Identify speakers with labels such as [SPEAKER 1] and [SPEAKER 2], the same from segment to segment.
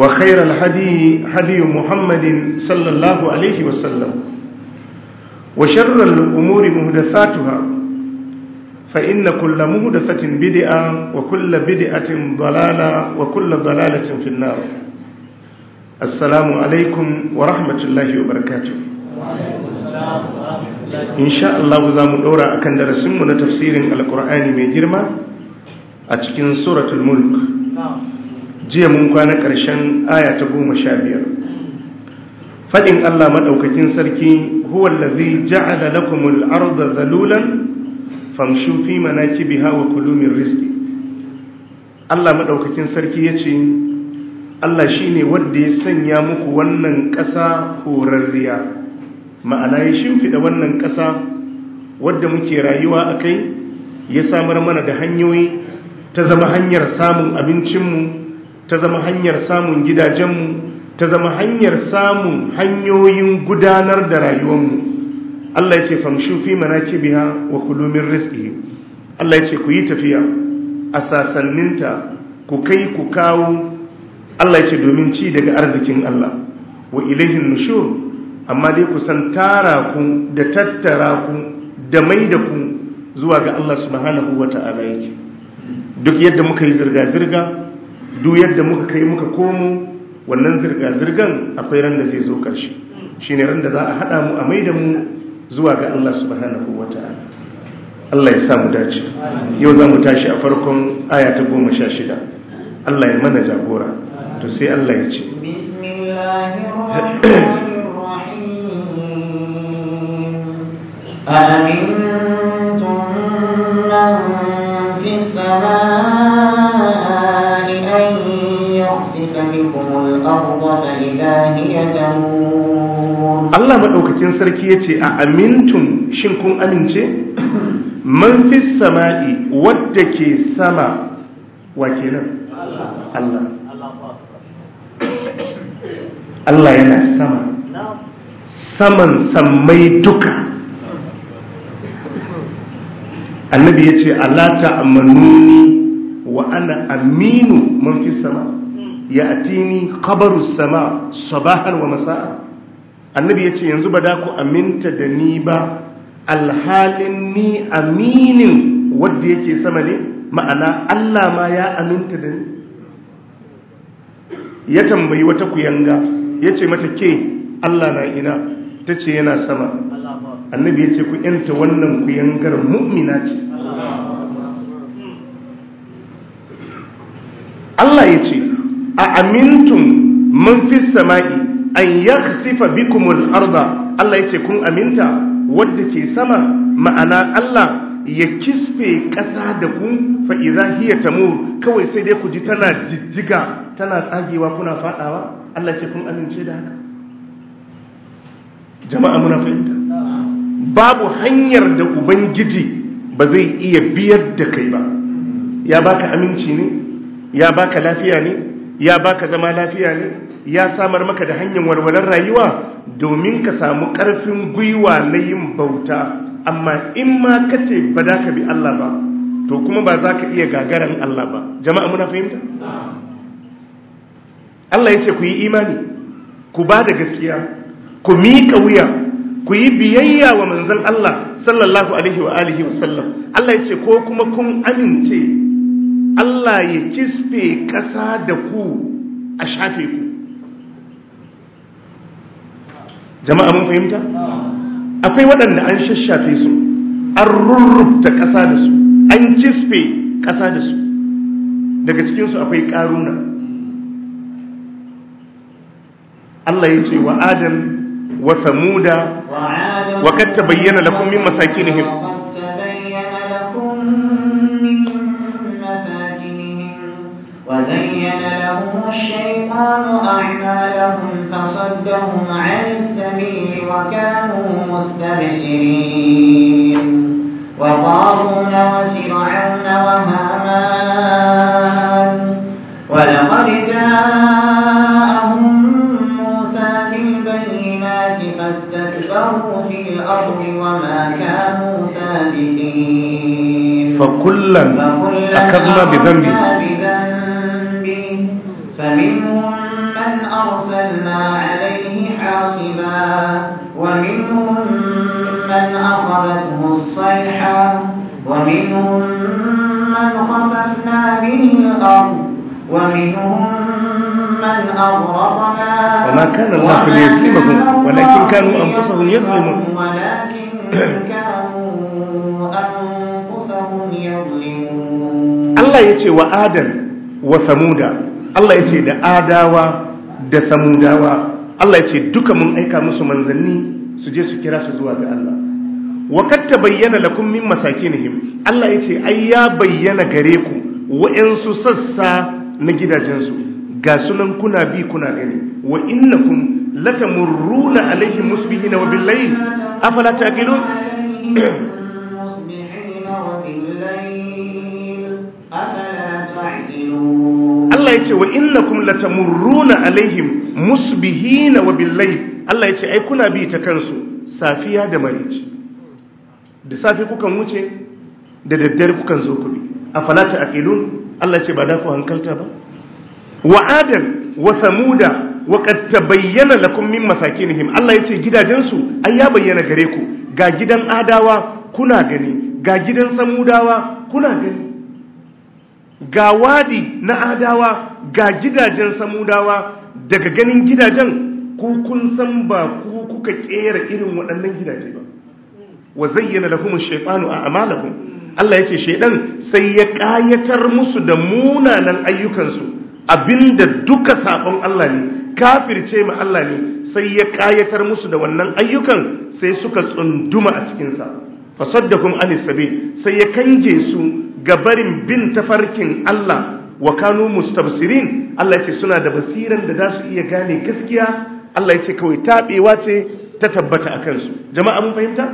[SPEAKER 1] وخير الهدي هدي محمد صلى الله عليه وسلم وشر الأمور مهدثاتها فإن كل مهدثة بدعة وكل بدعة ضلالة وكل ضلالة في النار السلام عليكم ورحمة الله وبركاته
[SPEAKER 2] إن شاء الله
[SPEAKER 1] زام الأورا أكن درسمنا تفسير القرآن من جرمة أتكن سورة الملك نعم jiya mun kwana ƙarshen aya ta goma sha biyar faɗin Allah maɗaukakin sarki huwallazi ja'ala lakumul arda zalulan famshu fi manakibiha wa kulu min rizqi Allah maɗaukakin sarki yace Allah shine wadda ya sanya muku wannan ƙasa horarriya ma'ana ya shimfiɗa wannan ƙasa wadda muke rayuwa a kai ya samar mana da hanyoyi ta zama hanyar samun abincinmu ta zama hanyar samun gidajenmu ta zama hanyar samun hanyoyin gudanar da rayuwanmu Allah ya ce famshu fi biya wa kulumin riski. Allah ya ce ku yi tafiya a sasanninta ku kai ku kawo Allah ya ce domin ci daga arzikin Allah wa ilihin nushur amma dai ku san tara ku da tattara ku da mai da ku zuwa ga Allah subhanahu wa ta'ala yake duk yadda muka yi zirga-zirga duk yadda muka kai muka komo wannan zirga-zirgan akwai ran da zai zo ƙarshe shi ne ran da za a haɗa mu a maida mu zuwa ga Allah subhanahu wa ta'ala Allah ya sa mu dace yau za mu tashi a farkon aya ta goma sha shida Allah ya mana jagora to sai Allah ya ce
[SPEAKER 3] Bismillahirrahmanirrahim Allah
[SPEAKER 1] maɗaukakin sarki ya ce a amintun shin kun amince? man fi sama'i wadda ke sama wa kenan? Allah Allah yana sama saman sammai duka annabi ya ce ta amanuni wa ana aminu man fi sama'i ya'tini khabaru sama sabahan wa masa'a annabi yace yanzu ba da ku aminta da ni ba alhalin ni aminin wanda yake sama ne ma'ana Allah ma ya aminta da ni ya tambayi wata kuyanga yace mata ke Allah na ina tace yana sama annabi yace ku inta wannan kuyangar mu'mina ce Allah ya ce a amintun man fi sama'i an yakhsifa bikumul arda Allah yace kun aminta wadda ke sama ma'ana Allah ya kisfe ƙasa da ku fa hiya tamur kawai sai dai ku ji tana jijjiga tana tsagewa kuna fadawa Allah ce kun amince da haka jama'a muna fahimta babu hanyar da ubangiji ba zai iya biyar da kai ba ya baka aminci ne ya baka lafiya ne ya baka zama lafiya ne ya samar maka da hanyar walwalar rayuwa domin ka samu ƙarfin gwiwa na yin bauta amma in ma ka ce ba za ka bi Allah ba to kuma ba za ka iya gagarin Allah ba jama'a muna fahimta? Allah ya ce ku yi imani ku ba da gaskiya ku miƙa wuya ku yi biyayya wa manzan Allah sallallahu alaihi wa alihi wa sallam Allah ya ce ko kuma kun amince Allah ya kisfe ƙasa da ku a shafe ku jama'a mun fahimta akwai waɗanda an shashafe su an rurrubta ƙasa da su an kisfe ƙasa da su daga cikinsu akwai ƙaruna Allah ya ce wa adam wa samuda
[SPEAKER 3] wa kattabayyana bayyana lakum min masakinihim الشيطان أعمالهم فصدهم عن السبيل وكانوا مستبشرين وقارون وسرعون وهامان ولقد جاءهم موسى بالبينات فاستكبروا في الأرض وما كانوا ثابتين فكلا أكذب بذنبه فمنهم من أرسلنا عليه حاصبا ومنهم من أخذته الصيحة ومنهم من خسفنا به الأرض
[SPEAKER 2] ومنهم
[SPEAKER 3] من أغرقنا وما كان الله ليظلمهم ولكن كانوا أنفسهم يظلمون ولكن كانوا أنفسهم يظلمون
[SPEAKER 1] الله يتي وآدم وثمودا Allah ya ce da adawa da samudawa Allah ya ce duka mun aika musu manzanni su je su kira su zuwa ga Allah Wa katta bayyana lakum min masakinihim Allah ya ce ai ya bayyana gare ku wa'ansu sassa na gidajensu ga sunan kuna bi kuna gani wa innakum latamurruna alaihim musbihina wa billayl afala taqilun
[SPEAKER 3] musbihina wa billayl afala
[SPEAKER 1] Allah ya ce wa innakum latamurruna alaihim musbihina wa billahi Allah ya ce ai kuna bi ta kansu safiya da maraici, da safi kukan wuce da daddare kukan zo ku bi afala ta aqilun Allah ya ce ba da ku hankalta ba wa adam wa samuda wa qad tabayyana lakum min masakinihim Allah ya ce gidajensu ai ya bayyana gare ku ga gidan adawa kuna gani ga gidan samudawa kuna gani ga wadi na adawa ga gidajen samudawa daga ganin gidajen ko kun san ba ku kuka kera irin waɗannan gidaje ba wa zayyana lahum shaytanu a amalahum Allah yace shaydan sai ya kayatar musu da munanan ayyukansu abinda duka sabon Allah ne kafirce ma Allah ne sai ya kayatar musu da wannan ayyukan sai suka tsunduma a cikinsa. sa fasaddakum anis sabi sai ya kange su ga barin bin tafarkin Allah wa kanu mustabsirin Allah ya ce suna da basiran da za su iya gane gaskiya Allah ya ce kawai taɓewa ce ta tabbata a kansu jama'a mun fahimta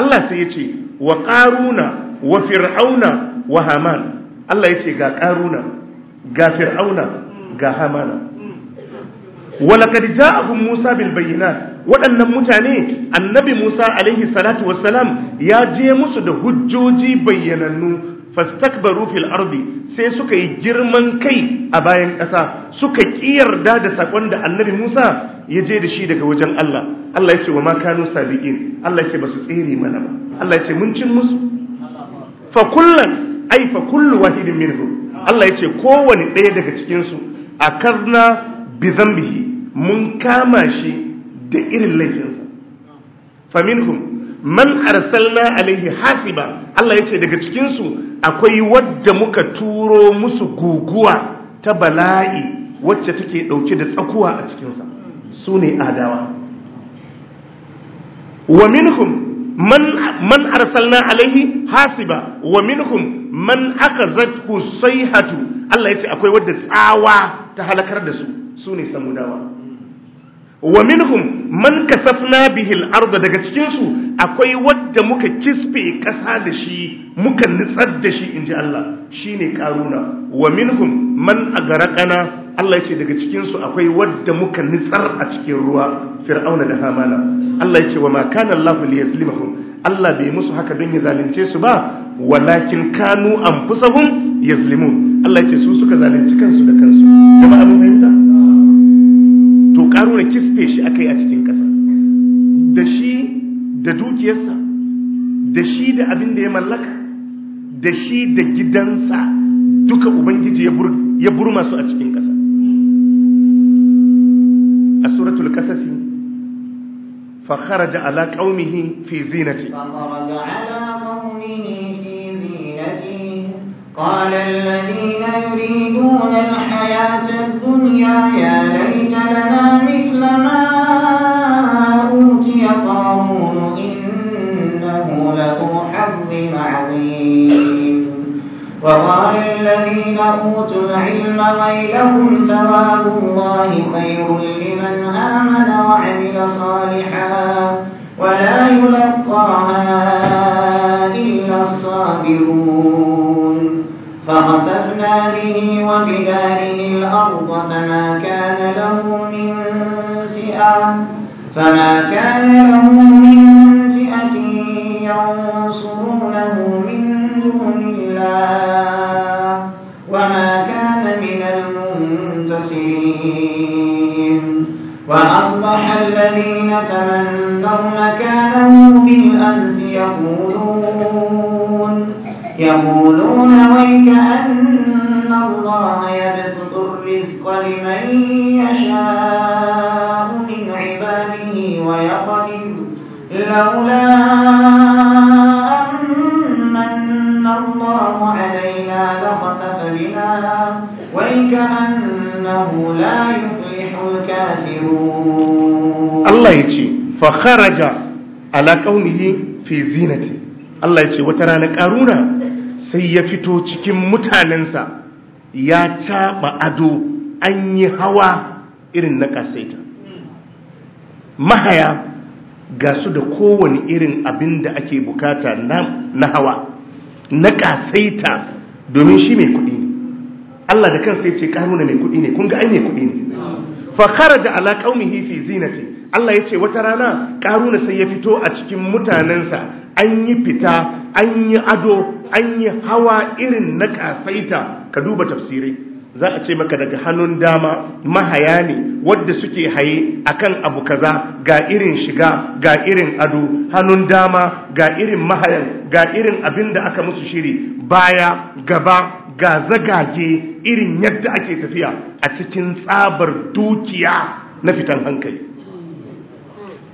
[SPEAKER 1] Allah sai ya ce wa ƙaruna wa fir'auna wa haman Allah ya ce ga ƙaruna ga fir'auna ga hamana walakad ja'ahum Musa bil bayyinat waɗannan mutane annabi Musa alaihi salatu wassalam ya je musu da hujjoji bayyanannu fastakbaru fil ardi sai suka yi girman kai a bayan ƙasa suka kiyarda da sakon da annabi Musa ya je da shi daga wajen Allah Allah ya ce wa ma kanu sabiqin Allah ya ce basu tsere mana ba Allah ya ce mun cin musu fa kullan ai fa kullu wahidin minhum Allah ya ce ɗaya daga cikin su akarna bi zambihi mun kama shi da irin laifinsa fa man arsalna alaihi hasiba Allah yace daga cikin su akwai wadda muka turo musu guguwa ta bala'i wacce take dauke da tsakuwa a cikin sa sune adawa wa minhum man man arsalna alaihi hasiba wa minhum man akazatku sayhatu Allah yace akwai wadda tsawa ta halakar da su sune samudawa wa minhum man kasafna bihil arda daga cikin su akwai wadda muka kispe kasa da shi muka nitsar da shi inji Allah shine karuna wa minhum man agarqana Allah yace daga cikin su akwai wadda muka nitsar a cikin ruwa fir'auna da hamana Allah yace wa ma kana Allah Allah bai musu haka don ya zalunce su ba walakin kanu anfusahum yazlimun Allah yace su suka zalunci kansu da kansu kuma abin fahimta kife shi akai a cikin ƙasa da shi da dukiyarsa da shi da abin da ya mallaka da shi da gidansa duka ubangiji ya burma su a cikin ƙasa a suratul ƙasasi fakharaja ala qaumihi fi zinati
[SPEAKER 3] قال الذين يريدون الحياة الدنيا يا ليت لنا مثل ما أوتي قارون إنه له حظ عظيم وقال الذين أوتوا العلم ويلهم ثواب الله خير لمن آمن وعمل صالحا ولا يلقاها إلا الصابرون فما كان له من فئة فما كان له من فئة ينصرونه من دون الله وما كان من المنتصرين وأصبح الذين تمنوا مكانه بالأمس يقولون يقولون ويك أن الله يبدأ لولا أن الله علينا لخسف بنا لا يفلح
[SPEAKER 1] الكافرون الله يجي فخرج على قومه fi zinati Allah ya ce wata rana ƙaruna sai ya fito cikin mutanensa ya caɓa ado an yi hawa irin na ƙasaita. mahaya ga su da kowane irin abin da ake bukata na hawa na kasaita domin shi mai kuɗi Allah da kansa ya ce karuna mai kuɗi ne kun ga ai mai kuɗi ne fa da alaƙau qaumihi fi zinati Allah ya ce wata rana karuna sai ya fito a cikin mutanensa an yi fita an yi ado an yi hawa irin na kasaita ka duba tafsirai za a ce maka daga hannun dama mahaya ne wadda suke haye akan abu kaza ga irin shiga ga irin ado hannun dama ga irin mahaya ga irin abin da aka musu shiri baya gaba ga zagage irin yadda ake tafiya a cikin tsabar dukiya na fitan hankali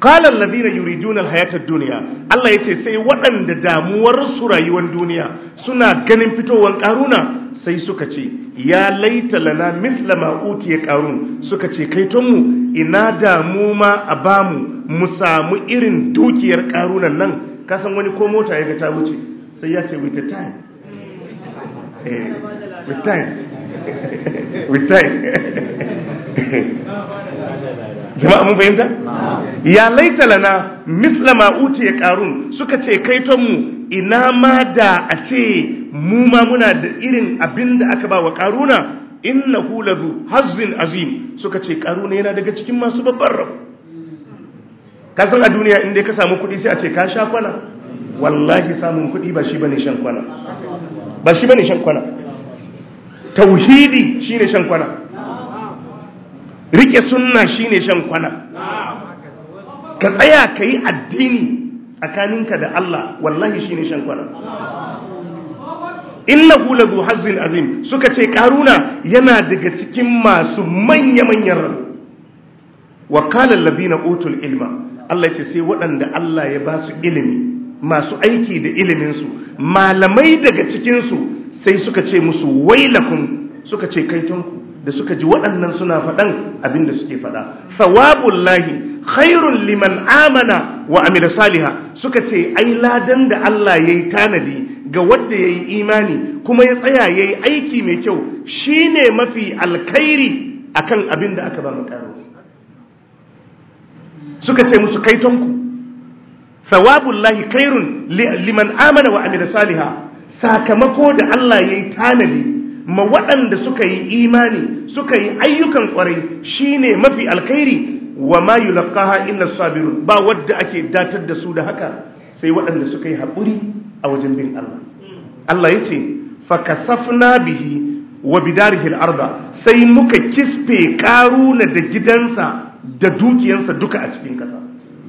[SPEAKER 1] kalan yuri junar hayatar duniya Allah ya ce sai waɗanda damuwar su rayuwar duniya suna ganin fitowar ƙaruna sai suka ce ya laita lana mithla ma ya qarun suka ce kaitonmu ina damu ma a bamu mu samu irin dukiyar karunan nan ka san wani ko mota ya ga ta wuce sai ya ce with the time eh, with time with time jama'a mun fahimta ya laita lana mithla ma ya qarun suka ce kaitonmu. ina ma da a ce mu ma muna da irin abin da aka ba wa karuna inna ladhu hazin azim suka ce karuna yana daga cikin masu babban rabo ka san a duniya inda ka samu kuɗi sai a ce ka sha kwana wallahi samun kuɗi ba shi bane shan kwana ba shi bane shan kwana tauhidi shine shan kwana rike sunna shine shan kwana ka tsaya ka yi addini tsakaninka da Allah wallahi shi ne shan kwana hula lazu hazin azim suka ce karuna yana daga cikin masu manya-manyan rabo wa qala na otul ilma Allah ce sai waɗanda Allah ya ba su ilimi masu aiki da iliminsu malamai daga cikinsu sai suka ce musu wailakun suka ce kaitonku da suka ji waɗannan suna faɗan abinda suke faɗa sawabullahi khairun liman amana wa amila saliha suka ce ai ladan da Allah yayi tanadi ga wanda yayi imani kuma ya tsaya yayi aiki mai kyau shine mafi alkhairi akan abin da aka ba mu karo suka ce musu kaitonku sawabullahi khairun liman amana wa amila saliha sakamako da Allah yayi tanadi ma waɗanda suka yi imani suka yi ayyukan ƙwarai shine mafi alkhairi wa ma yulqaha illa sabirun ba wadda ake datar da su da haka sai waɗanda suka yi haƙuri a wajen bin Allah Allah yace safna bihi wa bidarihi al-arda sai muka kisfe karuna da gidansa da dukiyansa duka a cikin ƙasa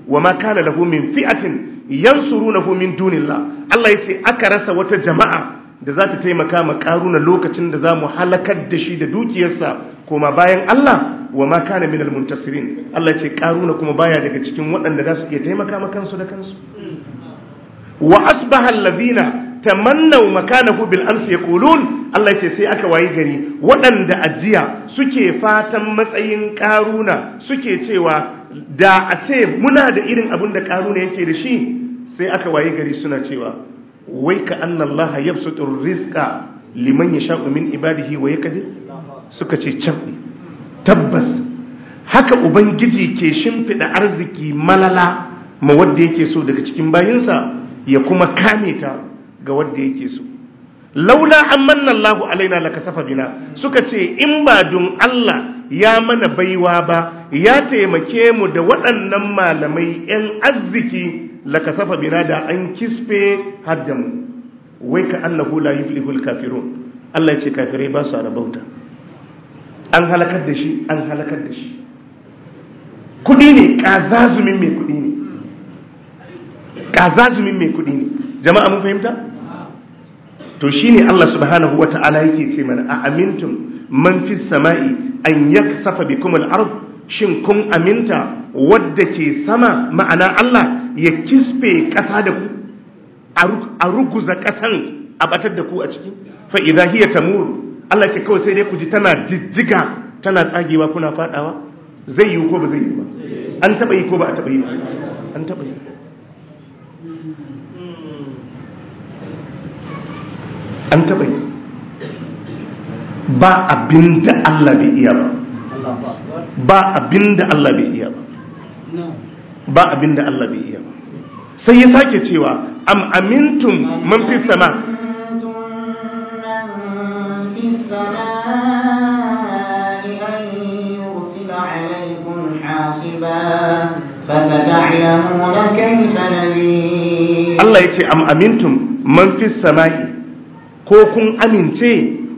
[SPEAKER 1] wa ma kana lahu min fi'atin yansurunahu min dunillah Allah yace aka rasa wata jama'a da za ta taimaka ma karuna lokacin da za mu halakar da shi da dukiyarsa koma bayan Allah wa ma kana min almuntasirin Allah ce karuna kuma baya daga cikin waɗanda za su iya taimaka ma kansu da kansu wa asbaha alladhina tamannaw makanahu bil amsi yaqulun Allah ce sai aka wayi gari waɗanda ajiya suke fatan matsayin karuna suke cewa da a ce muna da irin abin da karuna yake da shi sai aka wayi gari suna cewa wai ka fi yabsutur rizqa liman ya sha umin ibadihi wa kadi suka ce can tabbas haka ubangiji ke shimfiɗa arziki malala ma wadda yake so daga cikin bayinsa ya kuma kame ta ga wadda yake so laula an manna Allahu alaina laka safa bina suka ce in ba don Allah ya mana baiwa ba ya taimake mu da waɗannan malamai 'yan arziki safa bina da an kisfe haddamu wai ka annahu la yuflihul kafirun Allah ya ce kafirai ba su rabauta an halakar da shi an halakar da shi kudi ne kazazumin mai kudi ne kazazumin mai kudi ne jama'a mun fahimta to shine Allah subhanahu wata'ala yake ce mana a amintum man fis sama'i an yaksafa bikum al-ard shin kun aminta wadda ke sama ma'ana Allah ya kisbe ƙasa da ku a ruguza ƙasan a batar da ku a ciki Fa'iza, hiya tamur Allah ke kawai sai dai ku ji tana jijjiga tana tsagewa kuna fadawa zai yi ko ba zai yi ba an taba yi ko ba a taba yi ba an taba yi an taba yi ba abinda Allah bai iya ba ba abinda Allah bai iya ba ba abin da Allah bai iya ba sai ya sake cewa am amintum man fi sama Allah ya ce am amintum man fi sama'i ko kun amince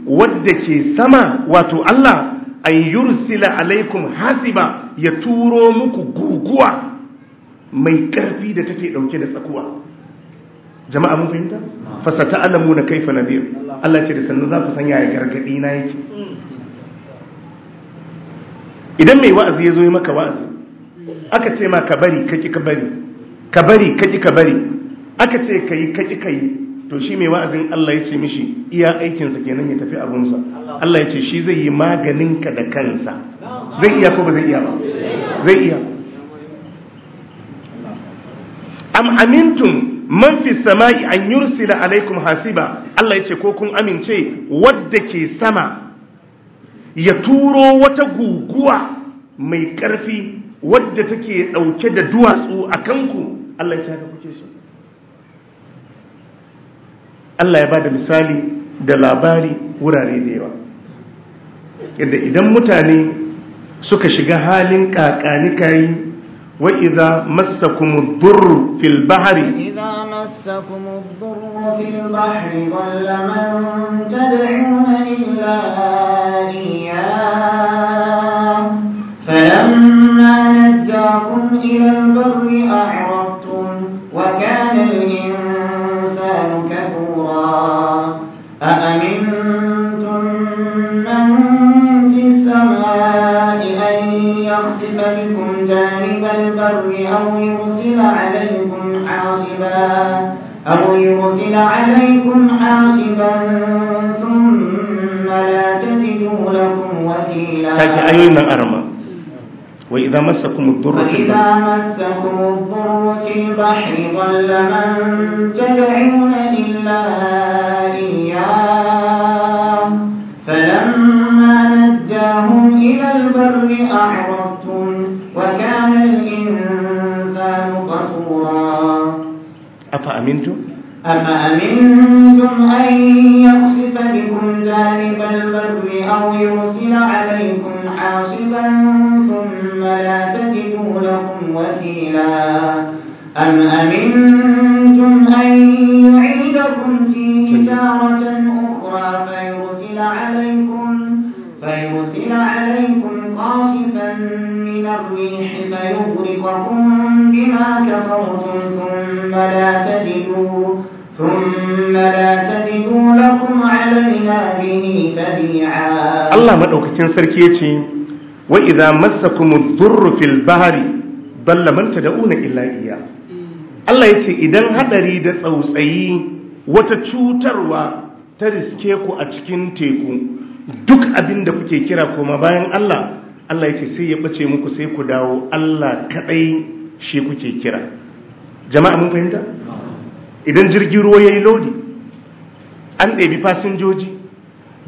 [SPEAKER 1] wadda ke sama wato Allah an yursila alaikum hasiba ya turo muku guguwa mai karfi da take dauke da tsakuwa jama'a mun fahimta fasata alamu na kaifa nadir Allah ce da sannu za ku san yaya gargadi na yake idan mai wa'azi ya zo yi maka wa'azi aka ce ma ka bari kaki ka bari ka bari kaki ka bari aka ce kai kaki kai to shi mai wa'azin Allah ya ce mishi iya aikinsa kenan ya tafi abunsa Allah ya ce shi zai yi maganinka da kansa zai iya ko ba zai iya ba zai iya am amintum man fi sama'i an yursila alaikum hasiba Allah yace ko kun amince wadda ke sama ya turo wata guguwa mai karfi wadda take dauke da duwatsu a kanku Allah ya ba da kuke so Allah ya bada misali da labari wurare da yawa yadda idan mutane suka shiga halin kakani kayi وإذا مسكم الضر في البحر
[SPEAKER 3] إذا مسكم الضر في البحر ضل من تدعون إلا إياه فلما نجاكم إلى البر أعلم يرسل عليكم حاصبا ثم لا تجدوا لكم وكيلا ساكي أيوين
[SPEAKER 1] أرمى وإذا مسكم الضر في البحر وإذا
[SPEAKER 3] مسكم الضر في البحر ضل من تدعون إلا إياه فلما نجاهم إلى البر أعرضتم وكان الإنسان كفورا
[SPEAKER 1] أفأمنتم أفأمنتم
[SPEAKER 3] أن يقصف بكم جانب البر أو يرسل عليكم حاصبا ثم لا تجدوا لكم وكيلا أم أمنتم أن يعيدكم فيه تارة أخرى فيرسل عليكم فيرسل عليكم قاصفا من الريح فيغرقكم بما كفرتم ثم لا تجدوا allah
[SPEAKER 1] maɗaukakin sarki ya ce, Wa iza masa kuma سركي bahari, وإذا مسكم الضر في البحر Allah ya ce idan haɗari da tsautsayi wata cutarwa ta riske ku a cikin teku duk abin da kuke kira koma bayan Allah Allah ya ce sai ya ɓace muku sai ku dawo Allah kaɗai shi kuke kira jama'a mun fahimta idan jirgin ruwa ya yi lodi an ɗebi fasinjoji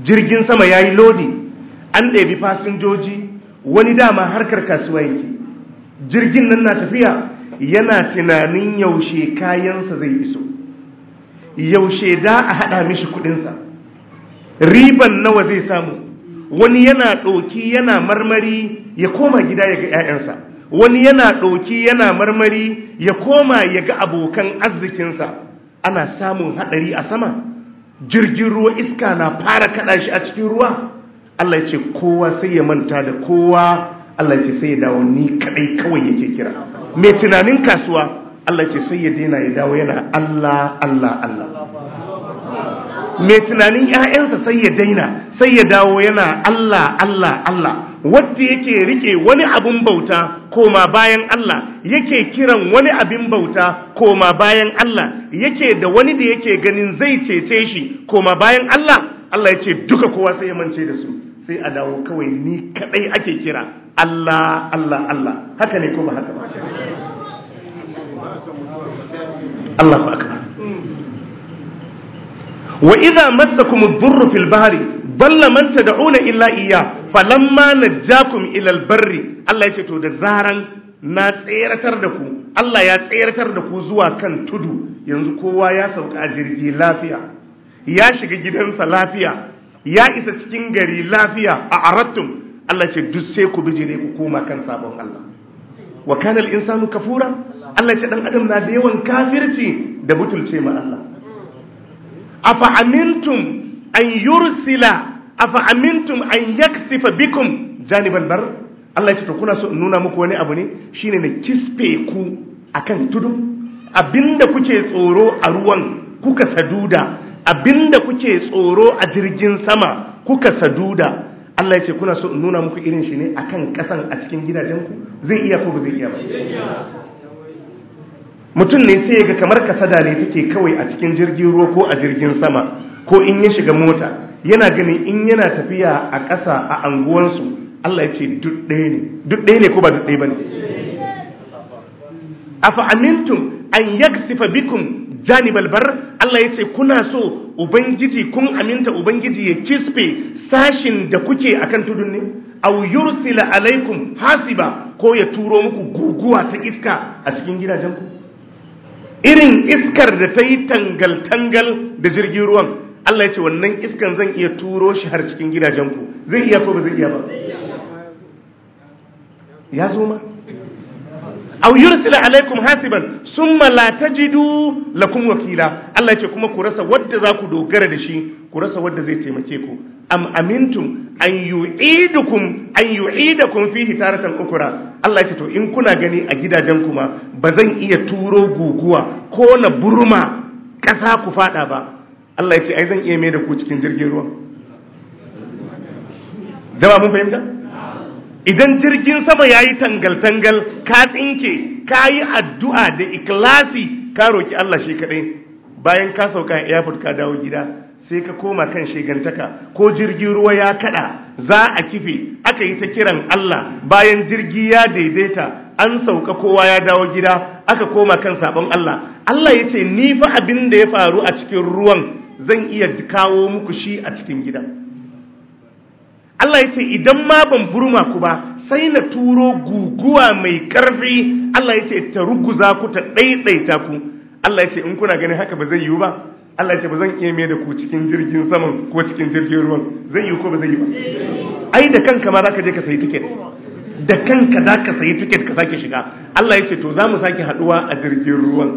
[SPEAKER 1] jirgin sama ya yi lodi an ɗebi fasinjoji wani dama harkar kasuwa yake jirgin nan na tafiya yana tunanin yaushe kayansa zai iso yaushe da a haɗa mishi kuɗinsa riban nawa zai samu wani yana ɗoki yana marmari ya koma gida ya ga 'ya'yansa wani yana ɗoki yana marmari ya koma ya ga abokan arzikinsa ana samun hadari a sama jirgin ruwa iska na fara kada shi a cikin ruwa Allah ya ce kowa sai ya manta da kowa Allah ya ce sai ya dawo ni kadai kawai yake kira mai tunanin kasuwa Allah ya ce sai ya daina ya dawo yana Allah Allah Allah mai tunanin 'ya'yansa sai ya daina sai ya dawo yana Allah Allah Allah wadda yake rike wani abin bauta koma bayan Allah yake kiran wani abin bauta koma bayan Allah yake da wani da yake ganin zai cece shi koma bayan Allah Allah ya ce duka kowa sai ya mance da su sai a dawo kawai ni kadai ake kira Allah Allah Allah haka ne ko ba haka ba akbar wa idza massakum ad-durru fil bahri dalla man illa iyyah falamma jakum ilal barri Allah yace to da zaran na tseratar da ku Allah ya tseratar da ku zuwa kan tudu yanzu kowa ya sauka a jirgi lafiya ya shiga gidansa lafiya ya isa cikin gari lafiya a arattum Allah ce duk sai ku ne ku koma kan sabon Allah wa kana al-insanu kafura Allah ce dan adam na da yawan kafirci da butulce ma Allah afa amintum an yursila afa amintum an yaksifa bikum janibal bar Allah ya ce kuna so nuna muku wani abu ne shine na kispe ku akan tudu abinda kuke tsoro a ruwan kuka saduda abinda kuke tsoro a jirgin sama kuka saduda Allah ya ce kuna so nuna muku irin shi ne akan kasan a cikin gidajen ku? zai iya ko ba zai iya ba mutum ne sai ga kamar kasada ne take kawai a cikin jirgin ruwa ko a jirgin sama ko in ya shiga mota yana ganin in yana tafiya a ƙasa a anguwansu Allah ya ce duk ɗaya ne duk ne ko ba duk ɗaya ba ne afa fa’amintun an yaksifa bikum janibal bar Allah ya ce kuna so ubangiji kun aminta ubangiji ya kispe sashin da kuke akan tudun ne aw yursila alaikum hasiba ko ya turo muku guguwa ta iska a cikin gidajenku irin iskar da ta yi tangal-tangal da jirgin ruwan Allah ya ce wannan iskan zan iya turo shi har cikin gidajenku. ku zai iya ko ba zai iya ba ya zo ma aw yursila alaikum hasiban summa la tajidu lakum wakila Allah ya ce kuma ku rasa wanda za ku dogara da shi ku rasa wanda zai taimake ku am amintum an yu'idukum an yu'idakum fihi taratan ukra Allah ya ce to in kuna gani a gidajen kuma ba zan iya turo guguwa ko na burma kasa ku fada ba Allah ya ce ai zan iya mai da ku cikin jirgin ruwa jama mun fahimta idan jirgin sama yayi tangal-tangal ka tsinke ka yi addu'a da ikilasi ka roki Allah shi kaɗai bayan ka sauka airport ka dawo gida sai ka koma kan shegantaka ko jirgin ruwa ya kaɗa, za a kife aka yi ta kiran Allah bayan jirgi ya daidaita an sauka kowa ya dawo gida aka koma kan sabon Allah Allah ya ce ni fa abin da ya faru a cikin ruwan zan iya kawo muku shi a cikin gida Allah ya ce idan ma ban burma ku ba sai na turo guguwa mai ƙarfi Allah ya ce ta ruguza ku ta ɗaiɗaita ku Allah ya ce in kuna ganin haka ba zai yiwu ba Allah ya ce ba zan iya mai da ku cikin jirgin saman ko cikin jirgin ruwan zai yiwu ko ba zai yiwu ba ai da kanka ma za ka je ka sayi tiket da kanka za ka sayi tiket ka sake shiga Allah ya ce to za mu sake haduwa a jirgin ruwan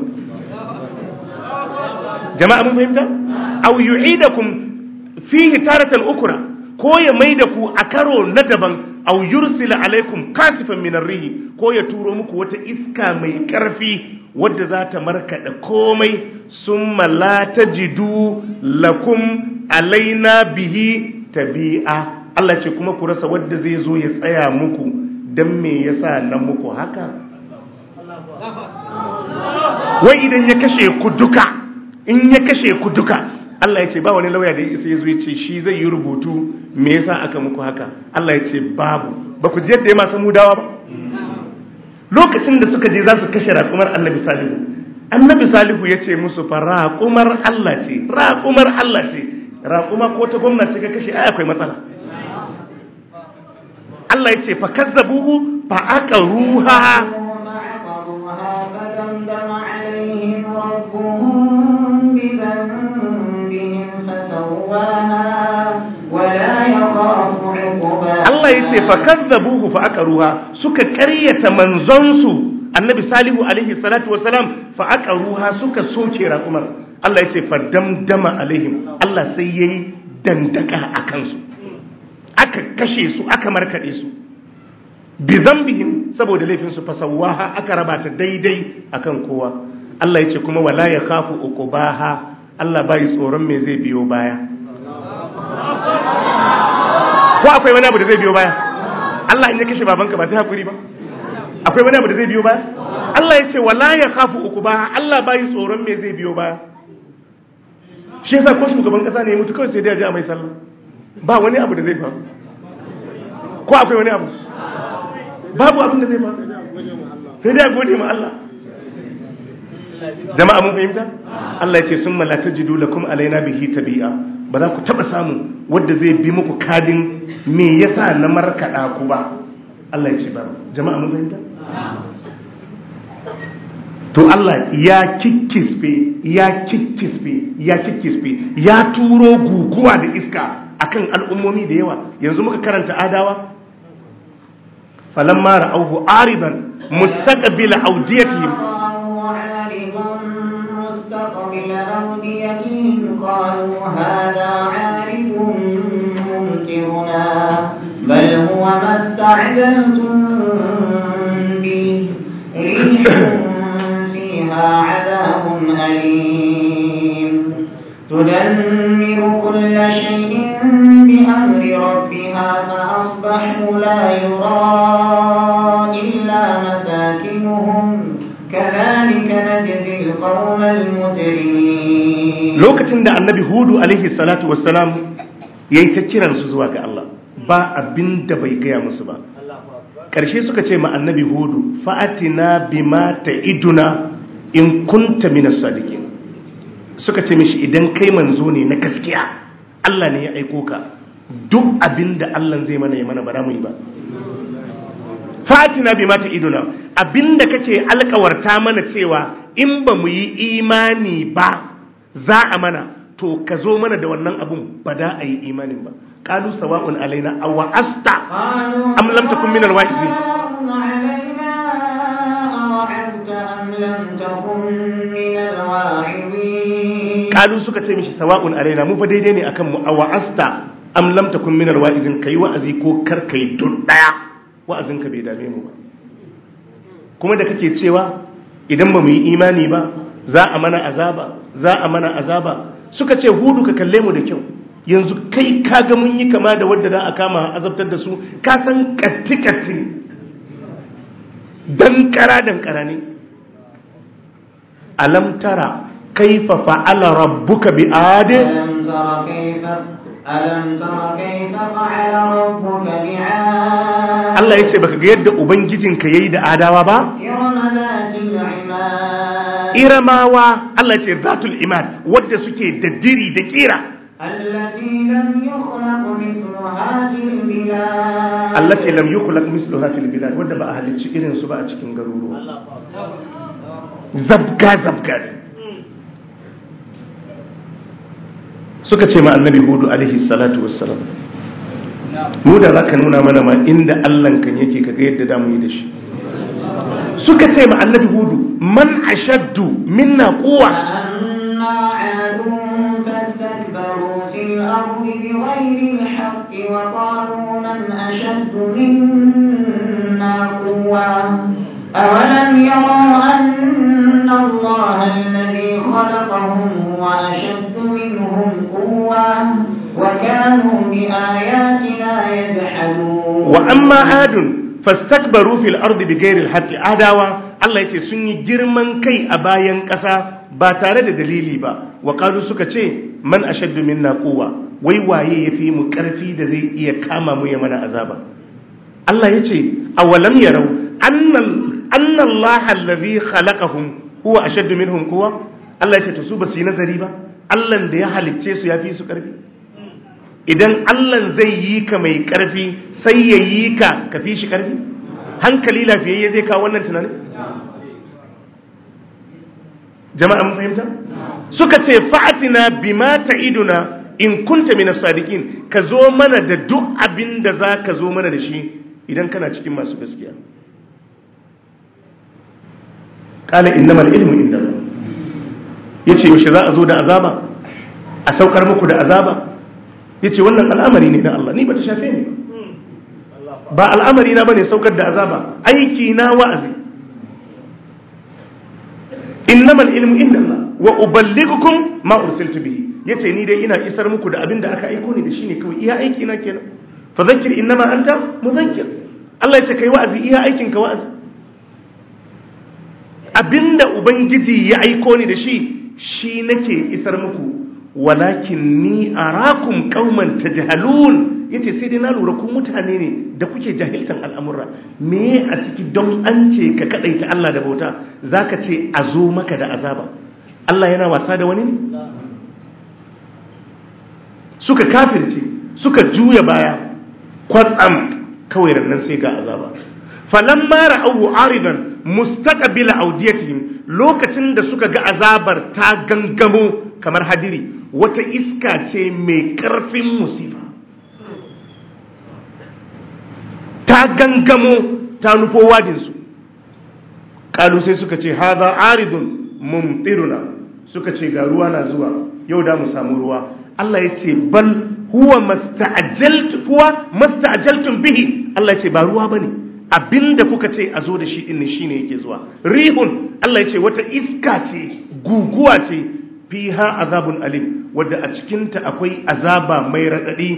[SPEAKER 1] jama'a mun fahimta aw yu'idakum fihi taratan ukra ko ya maida ku a karo na daban aw yursila alaikum kasifan min rihi ko ya turo muku wata iska mai karfi wadda za ta markada komai summa la tajidu lakum alaina bihi tabi'a Allah ce kuma ku rasa wadda zai zo ya tsaya muku dan me yasa nan muku haka wai idan ya kashe ku duka in ya kashe ku duka Allah ya ce ba wani lauya da ya isa ya zo ya ce shi zai yi rubutu me yasa aka muku haka Allah ya ce babu ba ku ji yadda ya masu mudawa ba lokacin da suka je za su kashe raƙumar annabi salihu annabi salihu ya ce musu fa raƙumar Allah ce raƙumar Allah ce raƙuma ko ta gwamnati ka kashe ai akwai matsala Allah ya ce fa kazzabuhu fa aqruha Allah ya ce fa kazzabuhu fa ruwa suka karyata manzonsu annabi salihu alaihi salatu wasalam fa ruwa suka soke raƙumar Allah ya ce fa damdama alaihim Allah sai ya yi dandaka a kansu. aka kashe su aka markaɗe su bi zambihim saboda laifinsu fasawa fasawaha aka raba ta daidai kan kowa Allah ya ce kuma wala ya kafu ha, Allah yi tsoron me zai biyo baya ko akwai wani abu da zai biyo baya Allah in ya kashe babanka ba sai hakuri ba akwai wani abu da zai biyo baya Allah ya ce wala ya khafu uku ba Allah bai tsoron me zai biyo baya shi yasa ko shugaban kasa ne mutu kawai sai dai a mai sallah ba wani abu da zai faru ko akwai wani abu babu abin da zai faru
[SPEAKER 2] sai dai a gode ma Allah
[SPEAKER 1] jama'a mun fahimta Allah ya ce summa la tajidu lakum alaina bihi tabi'a ba za ku taba samu wadda zai bi muku kadin me yasa na markaɗa ku ba Allah ya ce ba jama'a mun fahimta to Allah ya kikkisfe ya kikkisfe ya ya turo guguwa da iska a kan al'ummomi da yawa yanzu muka karanta adawa falamma ra'awhu aridan mustaqbila awdiyatihim
[SPEAKER 3] mustaqbila awdiyatihim قَالُوا هَٰذَا عَارِفٌ مُّمْطِرُنَا بَلْ هُوَ مَا اسْتَعْجَلْتُم بِهِ رِيحٌ فِيهَا عَذَابٌ أَلِيمٌ تُدَمِّرُ كُلَّ شَيْءٍ بِأَمْرِ رَبِّهَا فَأَصْبَحُوا لَا يُرَىٰ إِلَّا مَسَاكِنُهُمْ كَذَٰلِكَ نَجْزِي الْقَوْمَ الْمُجْرِمِينَ
[SPEAKER 1] lokacin da annabi hudu alaihi salatu wassalam ya yi ta kiransu zuwa ga Allah ba abin da bai gaya musu ba ƙarshe suka ce ma annabi hudu fa'atina bima ta iduna in kunta minas sadiqin suka ce mishi idan kai manzo ne na gaskiya Allah ne ya aiko ka duk abin da Allah zai mana ya mana ba mu yi ba na bi mata iduna abinda kake alkawarta mana cewa in ba mu yi imani ba za a mana to ka zo mana da wannan abun ba da a yi imanin ba Kalu sawa'un alaina a asta am lam takun min suka ce mishi sawa'un alaina mu fa daidai ne akan mu a asta am lam takun min alwa'izin kai wa'azi ko kar kai dun daya wa'azin ka bai dame mu ba kuma da kake cewa idan ba mu yi imani ba za a mana azaba za a mana azaba suka ce hudu ka kalle mu da kyau yanzu kai kaga mun yi kama da wadda za a kama azabtar da su ka san katti-katti dan kara dan kara ne alam tara kaifa fa'ala rabbuka bi ade Allah ya ce baka ga yadda ubangijinka yayi da adawa ba iramawa Allah ce zatul iman wadda suke da diri da kira Allah ce lam yukhlaq misluha fil bilad wadda ba a halicci irin su ba a cikin garuruwa zabga zabga suka ce ma annabi hudu alaihi salatu wassalam mu da zaka nuna mana ma inda Allah kan yake kaga yadda damu yi da shi suka ce ma annabi hudu man ashaddu minna quwwa
[SPEAKER 3] وقالوا من أشد منا قوة أولم يروا أن الله الذي خلقهم هو أشد منهم قوة وكانوا بآياتنا يجحدون وأما
[SPEAKER 1] عاد fastakbaru fil ardi bighairi alhaqi adawa Allah yace sun yi girman kai a bayan ƙasa ba tare da dalili ba wa qalu suka ce man ashaddu minna quwwa wai waye yafi mu karfi da zai iya kama mu ya mana azaba Allah yace awalam yarau annal anna Allah allazi khalaqahum huwa ashaddu minhum quwwa Allah yace to su su yi nazari ba Allah da ya halicce su yafi su karfi idan Allah zai yi ka mai karfi sai ya yi ka ka fi shi karfi hankali lafiyayye zai kawo wannan tunanin jama'a mun fahimta suka ce fa'atina bima ta'iduna in kunta min as-sadiqin ka zo mana da duk abin da zaka zo mana da shi idan kana cikin masu gaskiya kala innamal ilmu indallah yace yaushe za a zo da azaba a saukar muku da azaba ya ce wannan al'amari ne na Allah ni ba ta shafe ni ba al'amari na ba ne saukar da azaba aiki na wa'azi innamal ilmu inda Allah wa uballigukum ma ursiltu Ya ce ni dai ina isar muku da abin da aka aiko ni da shi ne kawai iya aiki na kenan fa zakkir innama anta mudhakkir Allah ya ce kai wa'azi iya aikin ka wa'azi abinda ubangiji ya aiko ni da shi shi nake isar muku walakin ni arakum qauman tajhalun yace sai dai na lura ku mutane ne da kuke jahiltan al'amurra. me a ciki don an ce ka ta Allah da bauta zaka ce a zo maka da azaba Allah yana wasa da wani ne suka kafirce suka juya baya kwatsam kawai rannan sai ga azaba falamma ra'awu aridan mustaqbila audiyatihim lokacin da suka ga azabar ta gangamo kamar hadiri wata iska ce mai karfin musifa ta gangamo ta nufo wadinsu ƙalu sai suka ce haza aridun mumtiruna suka ce ga ruwa na zuwa yau da mu samu ruwa Allah ya ce bal huwa masta'ajaltun bihi Allah ya ce ba ruwa bane abinda kuka ce a zo da shi din shine yake zuwa rihun Allah ya ce wata iska ce guguwa ce fiha azabun alim wadda a cikinta akwai azaba mai raɗaɗi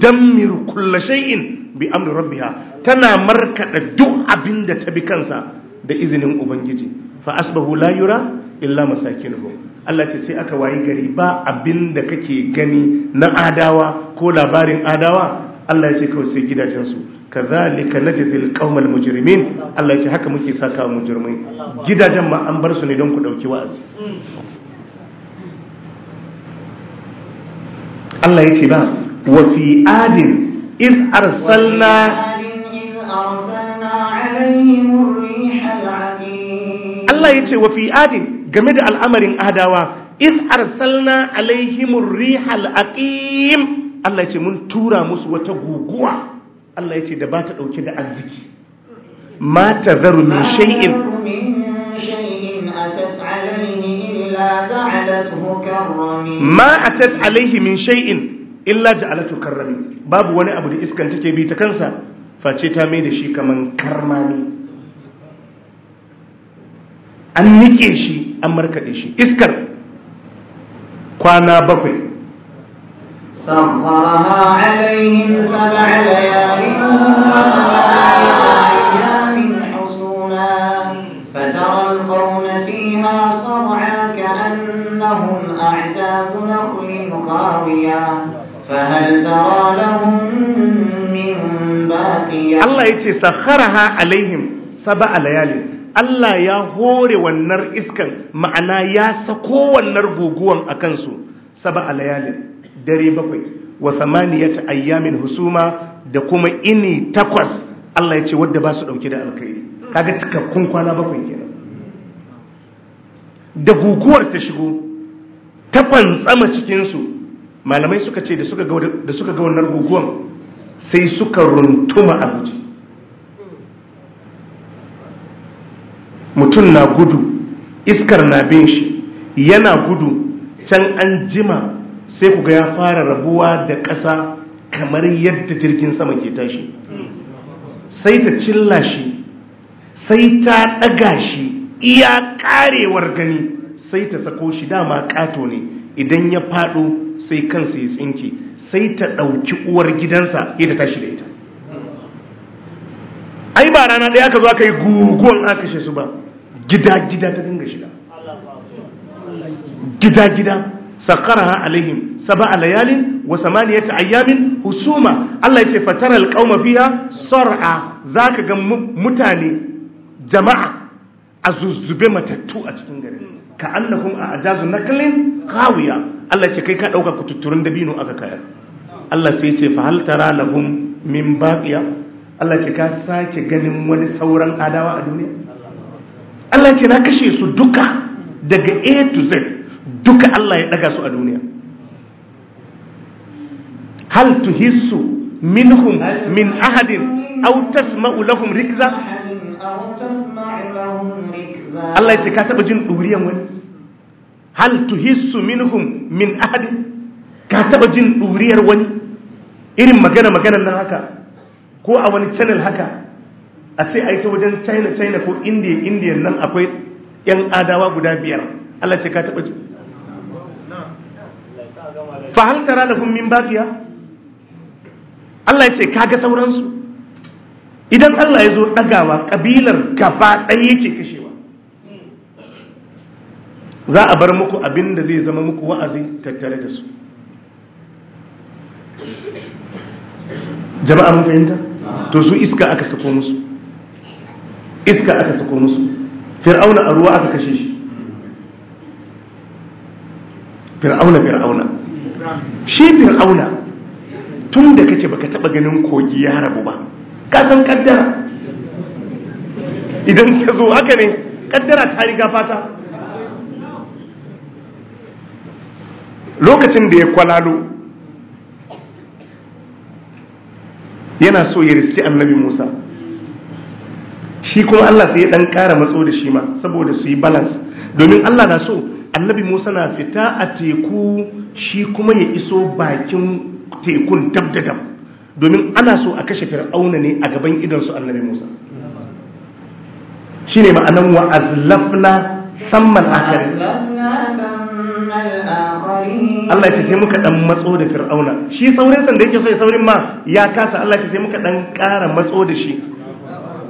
[SPEAKER 1] dammir kulla shay'in bi amri rabbiha tana markada duk abin da ta bi kansa da izinin ubangiji fa asbahu la yura illa masakinuhu Allah ce sai aka wayi gari ba abin da kake gani na adawa ko labarin adawa Allah ya ce kawai sai gidajen gidajensu kazalika najzil qaumal mujrimin Allah ya ce haka muke saka mujrimai gidajen ma an bar su ne don ku dauki wa'azi Allah ya ce ba wa fi adin iz arsalna Allah ya ce wa fi adin game da al'amarin adawa iz arsalna alaihimur rihal aqim Allah ya ce mun tura musu wata guguwa Allah ya ce da ba ta dauke da arziki ma tazaru min shay'in
[SPEAKER 3] ma
[SPEAKER 1] atat alaihi min shay'in illa ja'alatu karrami babu wani abu da iskan take bi ta kansa face ta mai da shi kaman karmami an nike shi an markade shi iskar kwana bakwai
[SPEAKER 3] Allah ya
[SPEAKER 1] ce لهم ha alaihim, saba يتي Allah ya hore wannan iskan ma'ana ya sako wannan guguwan a kansu saba a layalin dare bakwai wa ayyamin husuma da kuma ini takwas Allah ya ce wadda ba su dauke da alkhairi kaga cikakkun kwana bakwai kenan da guguwar ta shigo ta fantsama cikinsu malamai suka ce da suka ga wannan guguwan sai suka runtuma a guji mutum na gudu iskar na bin shi yana gudu can an jima sai ga ya fara rabuwa da ƙasa kamar yadda jirgin sama ke tashi sai ta cilla shi sai ta ɗaga shi iya ƙarewar gani sai ta sako shi dama ƙato ne idan ya faɗo sai kansa ya tsinke sai ta ɗauki uwar gidansa ya ta tashi da ita ai ba rana ɗaya aka zo aka yi guguwan aka shi su ba gida-gida ta dinga shiga gida-gida ha alaihim saba layalin wa samaniyata ayyamin husuma Allah ya ce fataral kauma fiya sar'a ka ga mutane jama'a a zuzzube matattu a cikin garin ka annahum a ajazu naklin qawiya Allah ce kai ka dauka kututturin dabino aka kayar Allah sai ce fa hal tara lahum min baqiya Allah ce ka sake ganin wani sauran adawa a duniya Allah ce na kashe su duka daga A to Z duka Allah ya daga su a duniya hal tuhissu minhum min ahadin aw tasma'u lahum rikza Allah ya ce ka taba jin ɗuriyan wani hal tuhissu minhum min ahad ka taba jin ɗuriyar wani irin magana magana nan haka ko a wani channel haka a ce a yi ta wajen china china ko india india nan akwai yan adawa guda biyar Allah ce ka taba jin fa hal tara lahum min baqiya Allah ya ce kaga sauransu idan Allah ya zo ɗagawa ƙabilar gaba ɗaya yake kashe za a bar muku abin da zai zama muku wa'azi tattare da su jama'a mun fahimta to su iska aka sako musu iska aka sako musu fir'auna a ruwa aka kashe shi fir'auna fir'auna shi fir'auna tun da kake baka taba ganin kogi ya rabu ba ka san kaddara idan ka zo haka ne kaddara ta riga fata lokacin da ya kwalalo yana so ya riski annabi musa shi kuma allah sai ya dan kara matso da shi ma saboda su yi balance domin allah na so annabi musa na fita a teku shi kuma ya iso bakin tekun dab da dab domin ana so a kashe fir'auna ne a gaban idonsu annabi musa shi ne ma'anan wa azlafna samman akari
[SPEAKER 3] Allah ce sai muka
[SPEAKER 1] dan matso da fir'auna shi saurin san da yake so ya saurin ma ya kasa Allah ce sai muka dan ƙara matso da shi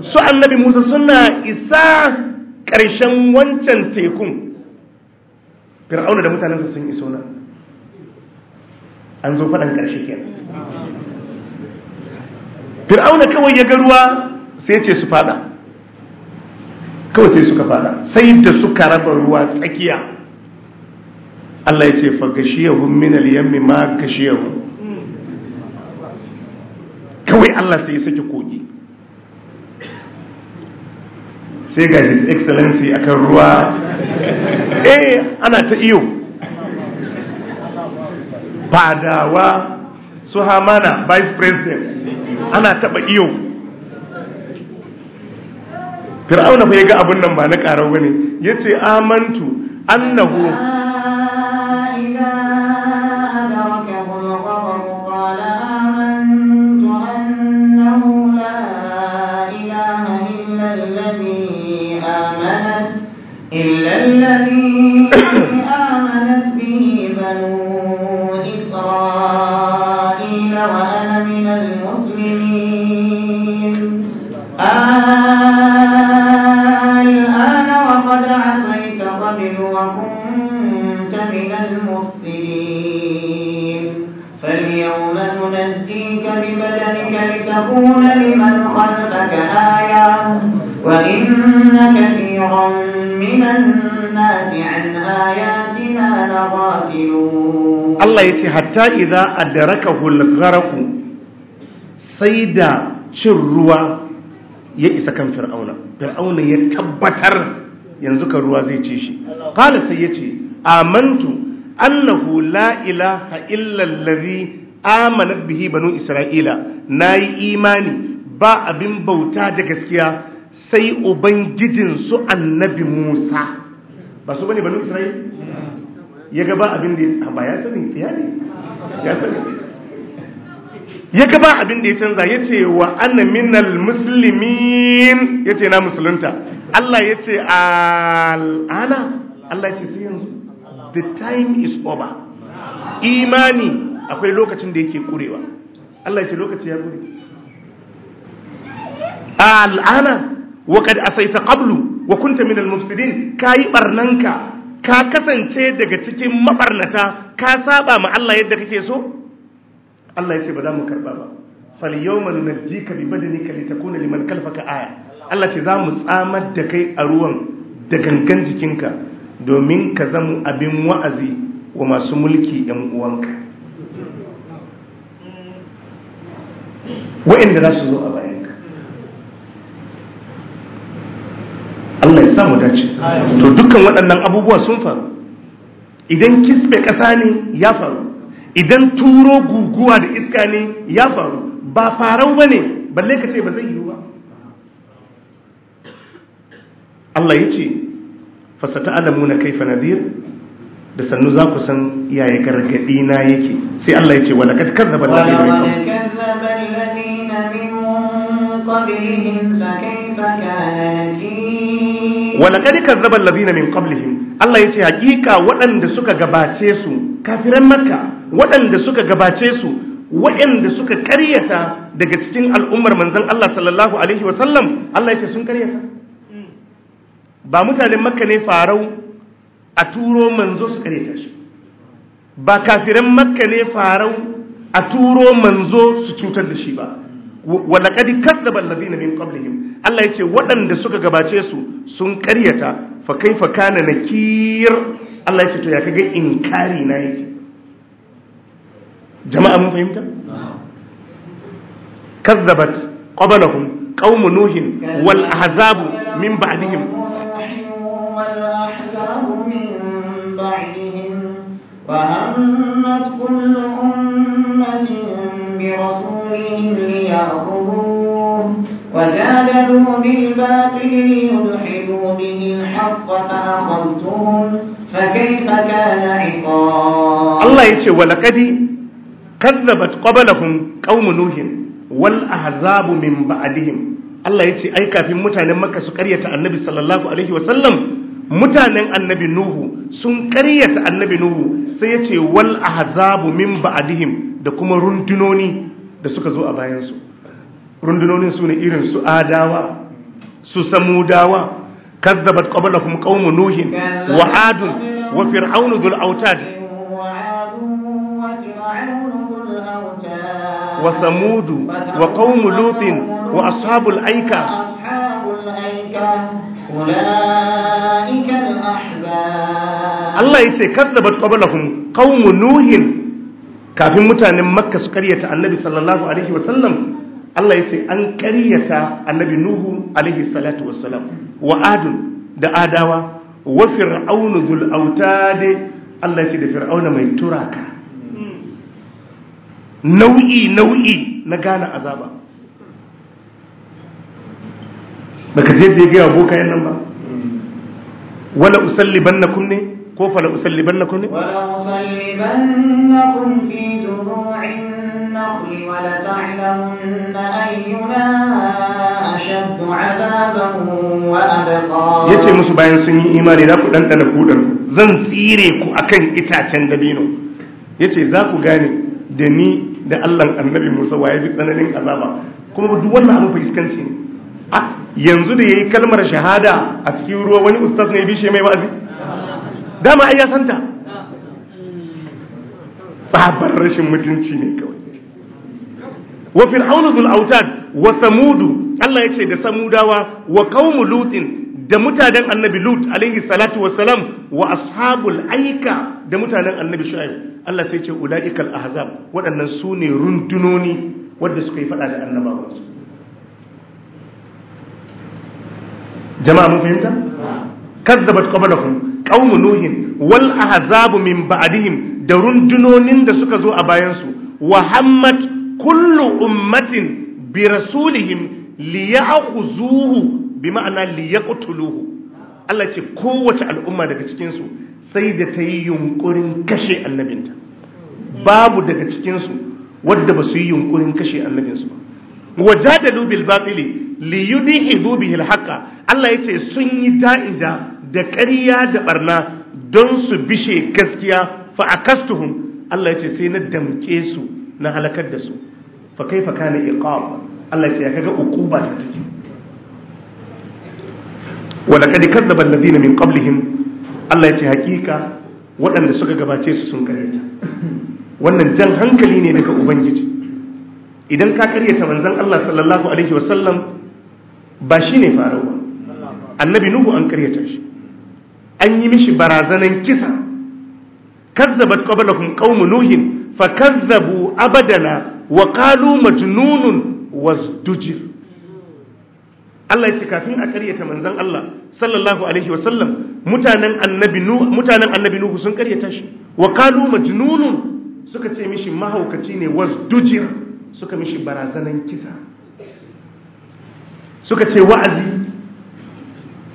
[SPEAKER 1] su annabi Musa suna isa karshen wancan tekun fir'auna da mutanensa sun iso na an zo faɗan ƙarshe kenan fir'auna kawai ya ga ruwa sai ce su fada kawai sai suka fada sai da suka raba ruwa tsakiya Allah ya ce fa min al-yammi ma gashiyahum kawai Allah sai ya saki kogi sai ga his excellency akan ruwa eh ana ta iyo fadawa su hamana vice president ana taɓa iyo fir'auna fa ya ga abun nan ba na ƙarau bane yace amantu annahu ah.
[SPEAKER 3] Iza آياتنا لغافلون
[SPEAKER 1] الله يتي حتى إذا أدركه الغرق سيدا شروا يئس كم فرعون فرعون يتبتر ينزك الروازي تيشي قال سيتي آمنت أنه لا إله إلا الذي آمنت به بنو إسرائيل ناي إيماني با abin bauta da gaskiya sai ubangijinsu annabi Musa ba su bane banu isra'il ya ga ba abin da ba ya sani ya ne ya sani ya ga ba abin da ya canza ya ce wa anna minal muslimin ya ce na musulunta Allah ya ce al'ana Allah ya ce sai yanzu the time is over imani akwai lokacin da yake kurewa Allah ya ce lokaci ya kure al'ana wa kad asaita qablu wa kunta min al-mufsidin kayi barnanka ka kasance daga cikin mabarnata ka saba ma Allah yadda kake so Allah ya ce ba za mu karba ba fal yawma nunajjika bi badanika litakuna liman kalfaka aya Allah ce za mu tsamar da kai a ruwan da gangan jikinka domin ka zama abin wa'azi wa masu mulki ‘yan uwanka. Wa'inda za su zo a bayan. mu dace to dukkan waɗannan abubuwa sun faru idan kisbe ƙasa ne ya faru idan turo guguwa da iska ne ya faru ba farau ba ne balle ka ce ba zai yiwu ba Allah ya ce fasata alamu na kaifa nadir da sannu za ku san yaya gargaɗi na yake sai Allah ya ce wala kad kazzaba alladhina
[SPEAKER 3] min qablihim fa kadi
[SPEAKER 1] kazzaba allazina min qablihim Allah yace hakika waɗanda suka gabace su kafiran makka waɗanda suka gabace su waɗanda suka karyata daga cikin al'ummar manzon Allah sallallahu alaihi wa sallam Allah yace sun karyata ba mutanen makka ne farau a turo manzo su karyata shi ba kafiran makka ne farau a turo manzo su cutar da shi ba kadi kazzaba allazina min qablihim Allah ya ce waɗanda suka gabace su sun karyata fa kaifa kana nakir Allah ya ce to ya kaga inkari na yake jama'a mun fahimta kazzabat qablahum qaum nuhin wal ahzab min ba'dihim
[SPEAKER 3] wal ahzab min ba'dihim wa hammat وجادلوا بالباطل ليدحضوا به الحق فأخذتهم فكيف كان
[SPEAKER 1] عقاب الله يتشي ولقد كذبت قبلهم قوم نوح والأحزاب من بعدهم Allah ya ce ai kafin mutanen Makka su karyata Annabi sallallahu alaihi wasallam mutanen Annabi Nuhu sun karyata Annabi Nuhu sai ya ce wal ahzabu min ba'dihim da kuma rundunoni da suka zo a bayansu rundunonin su ne irin su adawa su samudawa kazzabat qablakum qaumu nuhin wa adun wa fir'aunu dhul autad
[SPEAKER 3] wa samudu wa qaumu lutin wa ashabul aika Allah ya
[SPEAKER 1] ce kazzabat qablahum qaumu nuhin kafin mutanen makka su karyata annabi sallallahu alaihi wasallam Allah ya ce an karyata annabi Nuhu alaihi salatu wassalam wa adun da adawa wa fir'aunu dhul autade Allah ya ce da fir'auna mai turaka nau'i nau'i na gane azaba baka je da ya ga boka yan nan ba wala bannakum ne ko fala usallibannakum ne
[SPEAKER 3] wala usallibannakum fi juru'in nakhli ta'lamunna ayyuna ashaddu 'adaban wa yace musu
[SPEAKER 1] bayan sun yi imani za ku dandana kudar zan tsire ku akan itacen dabino yace za ku gane da ni da Allah annabi Musa waye bi tsananin azaba kuma duk wannan abu fa iskanci ne ah, yanzu da yayi kalmar shahada a cikin ruwa wani ustaz ne bi shi mai wa'azi dama ai ya santa sabar rashin mutunci ne kawai wa fir'aunu dhul autad wa samudu Allah yace da samudawa wa qaumu lutin da mutanen annabi lut alaihi salatu wassalam wa ashabul aika da mutanen annabi shu'aib Allah sai ce ulaiikal ahzab waɗannan sune ne rundunoni wanda suka yi fada da annabawansu jama'a mun fahimta kazzabat qablakum qaumu nuhin wal ahzabu min ba'dihim da rundunonin da suka zo a bayansu wa hammat kullu ummatin bi rasulihim liya'khuzuhu bi ma'ana liyaqtuluhu Allah ce kowace al'umma daga cikin su sai da ta yi yunkurin kashe annabinta babu daga cikin su wadda ba su yi yunkurin kashe annabinsu ba wajadalu bil batili li yudhidu bihi al haqa Allah yace sun yi da'ija da ƙarya da ɓarna don su bishe gaskiya fa a kastuhun Allah ya ce sai na damke su na halakar da su fa kaifa kana iqab Allah ya ce ya kaga ukuba ta take wa laqad kadzdzaba alladhina min qablihim Allah ya ce hakika waɗanda suka gabace su sun karyata wannan jan hankali ne daga ubangiji idan ka karyata manzon Allah sallallahu alaihi wasallam ba shine farau ba annabi nuhu an karyata shi an yi mishi barazanan kisa kazzabat qablakum qaum nuhin fakazzabu abadana wa qalu majnunun wazdujir Allah yake kafin a karyata manzon Allah sallallahu alaihi sallam mutanen annabi nu mutanen annabi nuhu sun karyata shi wa qalu majnunun suka ce mishi mahaukaci ne wazdujir suka mishi barazanan kisa suka ce wa'azi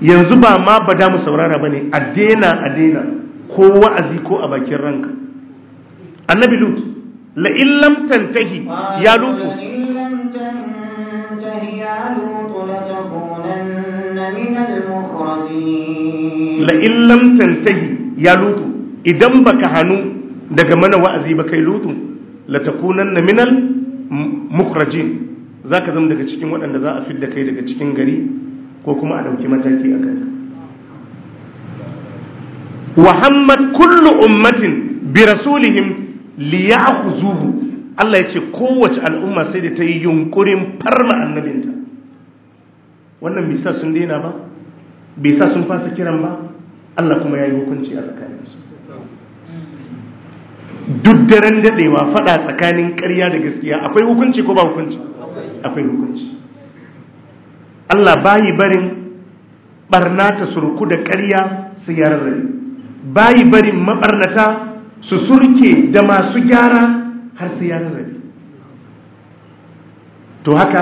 [SPEAKER 1] yanzu ba ma ba da mu saurara ba ne a dena a dena ko wa'azi ko a bakin ranka annabi lut la'illam tantahi ya lutu la'illam tantahi ya lutu idan baka hannu daga mana wa'azi ba kai lutu latakunan na minal mukrajin za ka zama daga cikin waɗanda za a da kai daga cikin gari ko kuma a ɗauki mataki a kai. Muhammad kullu ummatin bi rasulihim liya'khuzuhu Allah yace kowace al'umma sai da ta yi yunkurin farma annabinta wannan bisa sun daina ba bisa sun fasa kiran ba Allah kuma ya yi hukunci a tsakaninsu duk daren daɗewa faɗa tsakanin ƙarya da gaskiya akwai hukunci ko ba hukunci akwai hukunci Allah bayi barin barna ta surku da ƙarya su yararrabe bayi barin mabarnata su surke da masu gyara har su yararrabe to haka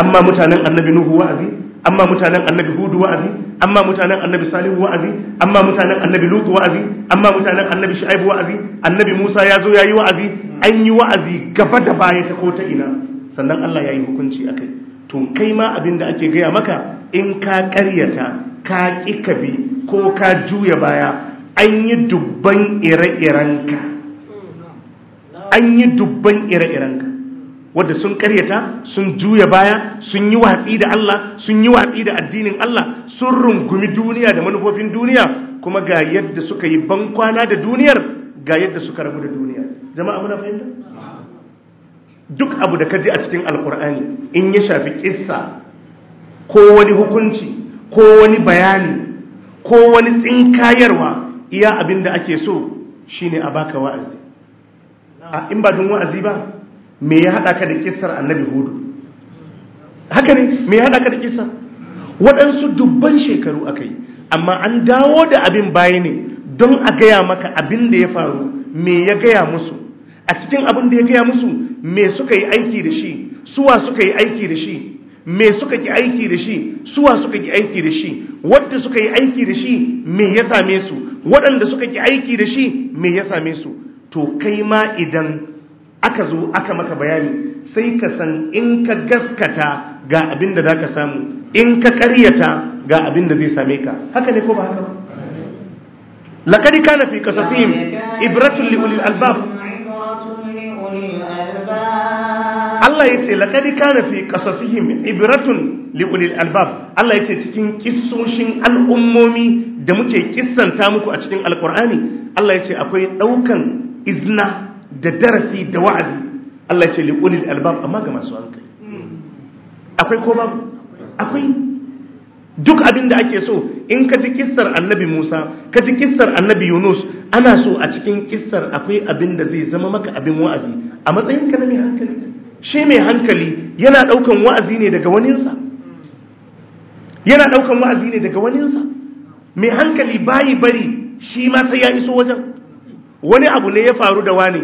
[SPEAKER 1] amma mutanen annabi nuhu wa'azi amma mutanen annabi hudu wa'azi amma mutanen annabi salihu wa'azi amma mutanen annabi lutu wa'azi amma mutanen annabi shu'aib wa'azi annabi musa ya zo yayi wa'azi an yi wa'azi gaba da baya ta ko ta ina sannan Allah ya yi hukunci akai to kai ma abin da ake gaya maka in ka karyata ka ƙi ka bi ko ka juya baya an yi dubban ire-irenka an yi dubban ire-irenka wadda sun karyata sun juya baya sun yi watsi da Allah sun yi watsi da addinin Allah sun rungumi duniya da manufofin duniya kuma ga yadda suka yi bankwana da duniyar ga yadda suka rabu da duniya jama'a muna fahimta duk abu da kaji a cikin alkur'ani in ya shafi kissa ko wani hukunci ko wani bayani ko wani tsinkayarwa iya abin da ake so shine a baka wa'azi a in ba don wa'azi ba me ya haɗa ka da kissar annabi hudu haka ne me ya haɗa ka da kissar waɗansu dubban shekaru aka yi amma an dawo da abin baya ne don a gaya maka abin da ya faru me ya gaya musu a cikin abin da ya gaya musu me suka yi aiki da shi suwa suka yi aiki da shi me suka ki aiki da shi suwa suka ki aiki da shi wadda suka yi aiki da shi me ya same su waɗanda suka ki aiki da shi me ya same su to kai ma idan aka zo aka maka bayani sai ka san in ka gaskata ga abin da za samu in ka ƙaryata ga abin da zai same ka haka ne ko ba haka ba kana fi في قصصهم إبرة لأولي Allah ya ce laƙari kana fi ƙasasihim ibiratun liƙulil albab Allah ya ce cikin ƙisoshin al'ummomi da muke ƙisanta muku a cikin alƙur'ani Allah ya ce akwai ɗaukan izna da darasi da wa'azi Allah ya ce liƙulil albab amma ga masu hankali hmm. akwai ko babu akwai duk abin da ake so in ka ji kissar annabi Musa ka ji kissar annabi Yunus ana so a cikin kissar akwai abin da zai zama maka abin wa'azi a matsayin
[SPEAKER 2] ka na mai hankali
[SPEAKER 1] shi mai hankali yana daukan wa'azi ne daga waninsa yana daukan wa'azi ne daga waninsa mai hankali bayi bari shi ma sai ya iso wajen wani abu ne ya faru da wani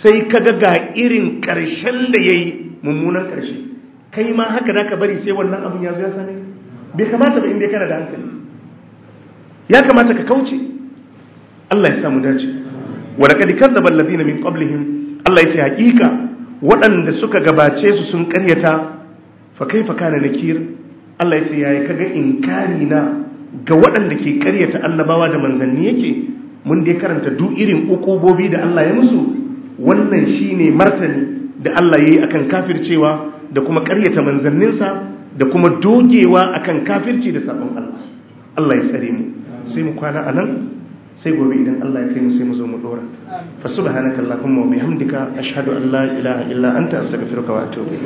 [SPEAKER 1] sai ka ga ga irin karshen da ya yi mummunan ƙarshe. kai ma haka ka bari sai wannan abin ya zo ya sani bai kamata ba inda kana da hankali ya kamata ka kauce Allah ya samu dace wadda kadikar da ballazi na min ƙoblihim Allah ya ce haƙiƙa waɗanda suka gabace su sun ƙaryata fa kai fa kana nakir Allah ya ce yaya kaga inkari na ga waɗanda ke ƙaryata annabawa da manzanni yake mun dai karanta duk irin ukubobi da Allah ya musu wannan shine martani da Allah ya yi akan kafircewa da kuma ƙaryata manzanninsa da kuma dogewa akan kafirci da sabon Allah Allah ya tsare mu sai mu kwana a nan, sai gobe idan Allah ya kai mu sai mu zo mu dora fa subhanakallahumma wa bihamdika ashhadu an la ilaha illa anta astaghfiruka wa
[SPEAKER 2] atubu